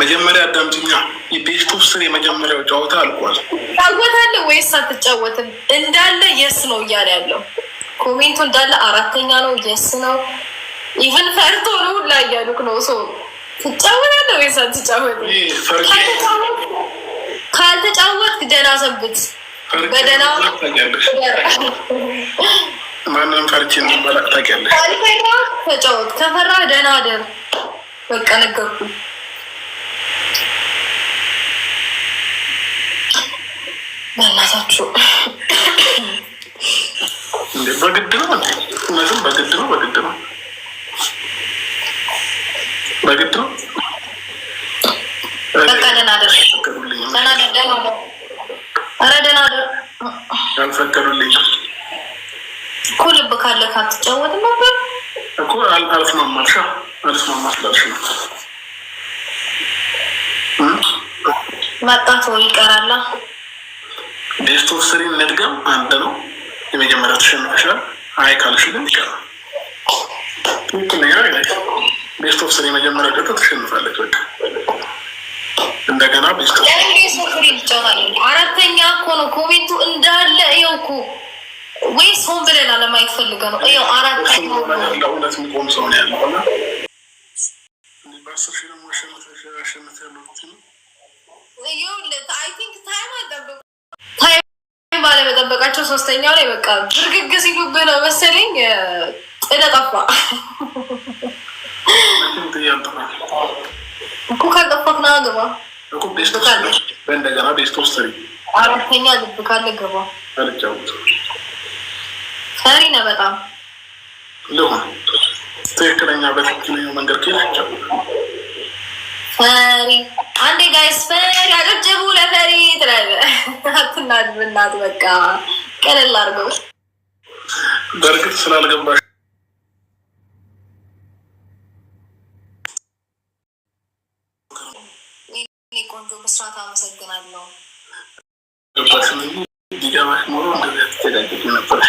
መጀመሪያ አዳምጪኛ። የቤስቱ ስር የመጀመሪያው ጨዋታ አልቋል። ታጫወታለህ ወይስ አትጫወትም? እንዳለ የስ ነው እያለ ያለው ኮሜንቱ እንዳለ አራተኛ ነው የስ ነው። ኢቨን ፈርቶ ነው ሁላ እያሉክ ነው። ሰው ትጫወታለ ወይስ አትጫወትም? ካልተጫወትክ ደህና ሰንብት። በደህና ማንም ፈርቼ እንበላ ታውቂያለሽ። ካልፈራ ተጫወት፣ ከፈራ ደህና አደር። በቃ ነገርኩ። በእናታችሁ በግድ ነው፣ እውነትም በግድ ነው። በግድ ነው፣ በግድ ነው። በቃ ደህና አደር፣ ደህና አደር። ኧረ ደህና አደር አልፈቀዱልኝም ልብ ካለ ካትጫወት ነበር እኮ አልስማማልሻ አልስማማልሽ መጣቶ ይቀራላ ቤስቶ ስሪ እንድገም አንድ ነው የመጀመሪያ ተሸንፈሻል። አይ ካልሽ ግን ይቀራል። ትክክለኛ ቤስት ኦፍ ስሪ የመጀመሪያ ቀጠ ተሸንፋለች። በቃ እንደገና ቤስት ኦፍ ስሪ አራተኛ እኮ ነው ኮሜንቱ እንዳለ ይኸው እኮ ወይስ ሆን ብለን አለማይፈልገ ፈልገ ነው? ያው አራት የሚቆም ሰው ነው ያለው በአስር ሺህ ደግሞ አሸነፍ ያለው ታይም ባለመጠበቃቸው ሶስተኛው ላይ በቃ ብርግግ ሲሉብህ ነው መሰለኝ ጥለ ጠፋ እኮ ካልጠፋት ና ግባ እንደገና ቤስት አራተኛ ልብ ካለ ግባ ፈሪ ነህ በጣም ትክክለኛ በትክክለኛው መንገድ ከሄዳቸው ፈሪ አንዴ ጋይስ ፈሪ አጨብጭቡ ለፈሪ ትላለህ። አትናድ ብናት በቃ ቀለል አድርገው። በእርግጥ ስላልገባሽ ቆንጆ ብስራት አመሰግናለሁ። ገባሽ ኖሮ እንደዚያ ተዘጋጀ ነበርሽ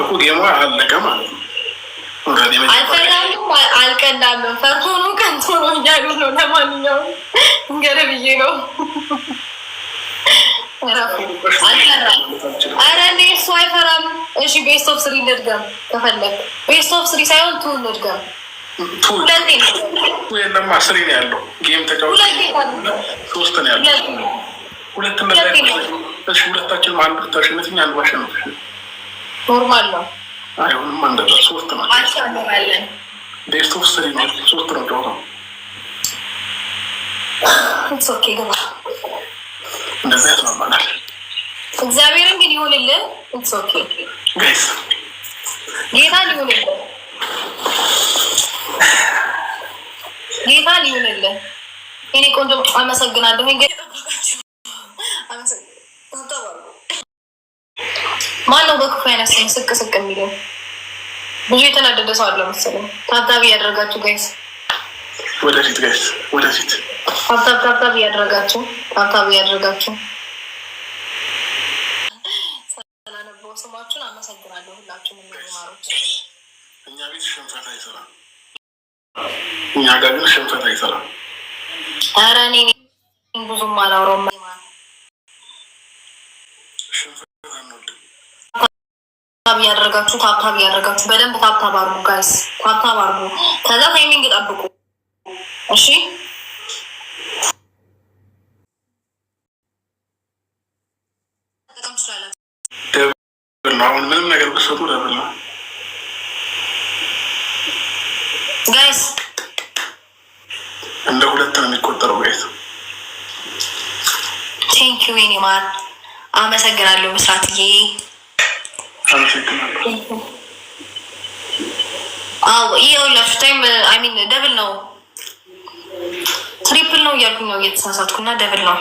እኮ ጌማ አለቀ ማለት ነው። ከንቶ ነው እያሉ ነው። ለማንኛውም ብዬ ነው። አረ እኔ እሱ አይፈራም። እሺ ቤስት ኦፍ ስሪ እንድገም ከፈለግ ቤስት ኦፍ ስሪ ሳይሆን ቱ እንድገም። ሁለቴ የለማ ስሪ ነው ያለው ጌም ሶስት ነው ያለው ሁለት ኖርማል ነው። አይሆንም እንደዛ ሶስት ነው ቤስት ኦፍ ስሪ ነው ሶስት ነው ጨዋታ እንደዚህ ያስማማናል። እግዚአብሔርን ግን ይሁንልን ጌታን ይሁንልን ጌታን ይሁንልን። እኔ ቆንጆ አመሰግናለሁ። ማነው በክፉ ያነሳኝ ስቅ ስቅ የሚለው? ብዙ የተናደደ ሰው አለ መሰለኝ። ታብታብ እያደረጋችሁ ጋይስ፣ ወደፊት ጋይስ፣ ወደፊት ታብታብ ታብታብ እያደረጋችሁ ታብታብ እያደረጋችሁ ስላነበው ስማችሁን አመሰግናለሁ። ሁላችሁም የሚማሩት እኛ ቤት ሽንፈት አይሰራም፣ እኛ ጋር ግን ሽንፈት አይሰራም። ኧረ እኔ ብዙም አላወራውም ታብ እያደረጋችሁ ታብታብ እያደረጋችሁ በደንብ ታብታብ አርጉ ጋይስ፣ ታብታብ አርጉ። ከዛ ታይሚንግ ጠብቁ እሺ። አሁን ምንም ነገር ጋይስ፣ እንደ ሁለት ነው የሚቆጠረው ጋይስ። ቴንኪዩ ኔማር አመሰግናለሁ ምስራትዬ። አመሰግናለሁ። አዎ ይኸውላችሁ ታይም አይ ሚን ደብል ነው ትሪፕል ነው እያልኩኝ ነው እየተሳሳትኩ እና ደብል ነው።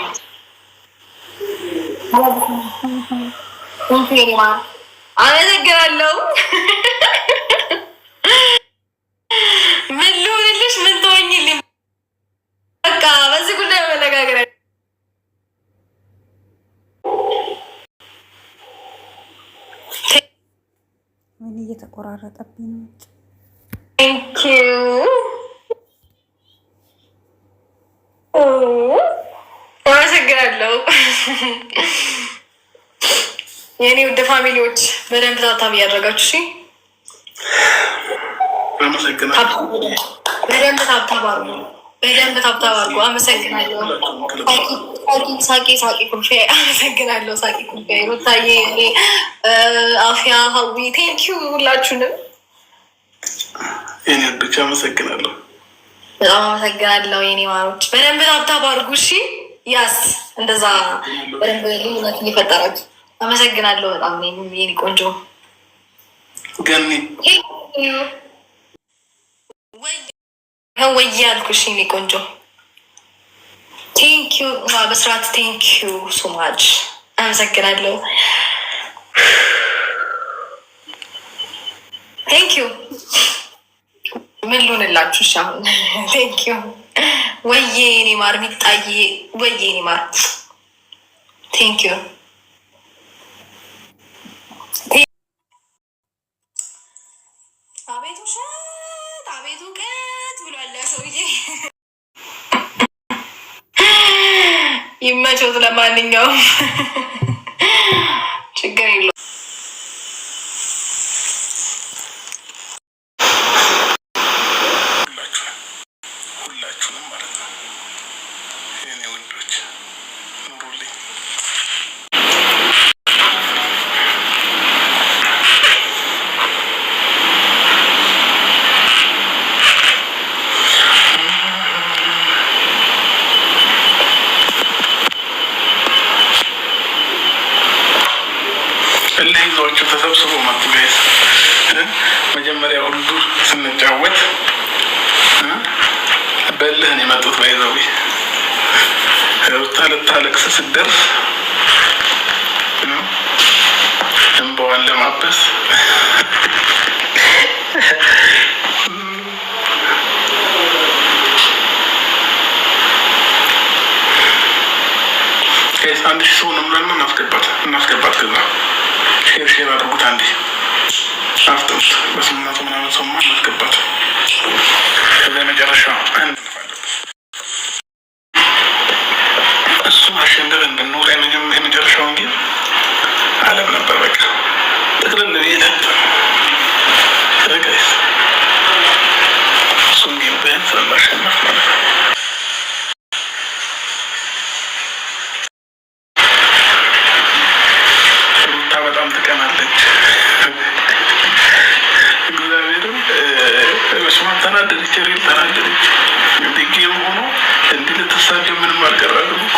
አመሰግናለሁ። እየተቆራረጠብኝ ነው። አመሰግናለሁ የእኔ ውድ ፋሚሊዎች፣ በደንብ ታብታብ እያደረጋችሁ በደንብ ታብታብ በደንብ ታብታብ አድርጎ አመሰግናለሁ። ሳቂ ሳቂ ኩፌ አመሰግናለሁ። ሳቂ ኩፌ ሩታዬ፣ አፍያ፣ ሀዊ ቴንኪዩ ሁላችሁንም የኔ ብቻ አመሰግናለሁ። በጣም አመሰግናለሁ የኔ ማሮች። በደንብ ታብታባርጉ። አድርጉ እሺ። ያስ እንደዛ በደንብ ልዩነት እየፈጠራችሁ አመሰግናለሁ። በጣም የኔ ቆንጆ ገኒ ነው ወይ ያልኩሽ የእኔ ቆንጆ። ቴንክ በስርዓት ቴንክ ዩ ሶማች አመሰግናለሁ። ቴንክ ዩ ምን ልሆንላችሁ አሁን? ቴንክ ዩ ወዬ የኔ ማር ሚጣዬ፣ ወዬ የኔ ማር ቴንክ ዩ አቤት ውሻ ይመቾት። ለማንኛውም ችግር የለውም። መጀመሪያ ሁሉ ስንጫወት በልህን የመጡት ባይዘዊ ሩታ ልታለቅስ ስትደርስ እንበዋን ለማበስ አንድ ሺህ ሰው ነው ብለን እናስገባት እናስገባት። ከዛ ሼር ሼር አድርጉት አንዴ አፍጥጥ በስምንት መቶ ምናምን ሰው ማን አስገባት። ከዛ መጨረሻ አንድ ተናደደች፣ ሪ ተናደደች። ድጌ ሆኖ እንዲህ ልትሳደ ምንም አልቀራለም እኮ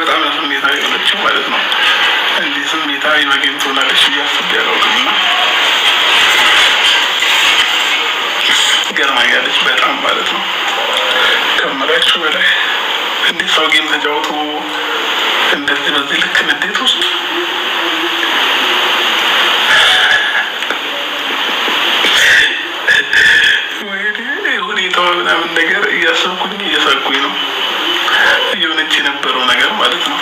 በጣም ስሜታዊ የሆነችው ማለት ነው። እንዲህ ስሜታዊ መገኝቶናለች እያስብ ምናምን ነገር እያሰብኩኝ እየሳኩኝ ነው እየሆነች የነበረው ነገር ማለት ነው።